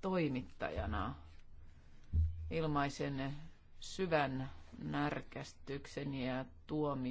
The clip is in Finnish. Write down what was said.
toimittajana ilmaisen syvän närkästykseni ja tuomio,